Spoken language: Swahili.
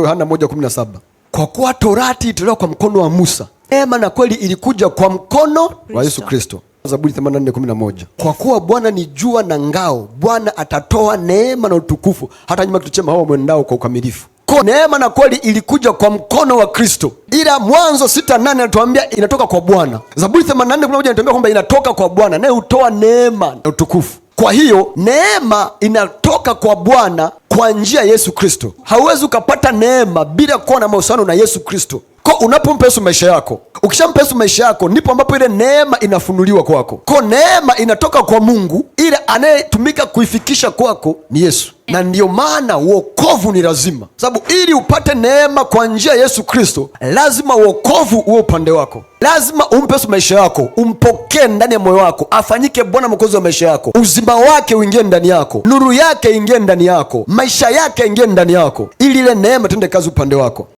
Yohana 1:17. Kwa kuwa torati ilitolewa kwa mkono wa Musa, neema na kweli ilikuja kwa mkono wa Yesu Kristo. Zaburi 84:11. Kwa kuwa Bwana ni jua na ngao, Bwana atatoa neema na utukufu, hata nyuma kituchema hawa hao mwendao kwa ukamilifu. Kwa neema na kweli ilikuja kwa mkono wa Kristo, ila Mwanzo sita nane anatuambia inatoka kwa Bwana. Zaburi 84:11 inatuambia kwamba inatoka kwa Bwana, naye hutoa neema na utukufu. Kwa hiyo neema inatoka kwa Bwana kwa njia ya Yesu Kristo. Hauwezi ukapata neema bila kuwa na mahusiano na Yesu Kristo. Kwa unapompa Yesu maisha yako, ukishampa Yesu maisha yako, ndipo ambapo ile neema inafunuliwa kwako. Kwa neema inatoka kwa Mungu, ile anayetumika kuifikisha kwako ni Yesu na ndiyo maana uokovu ni lazima, sababu ili upate neema kwa njia ya Yesu Kristo lazima uokovu uwe upande wako, lazima umpe Yesu maisha yako, umpokee ndani ya moyo wako, afanyike Bwana mokozi wa maisha yako, uzima wake uingie ndani yako, nuru yake ingie ndani yako, maisha yake ingie ndani yako, ili ile neema tende kazi upande wako.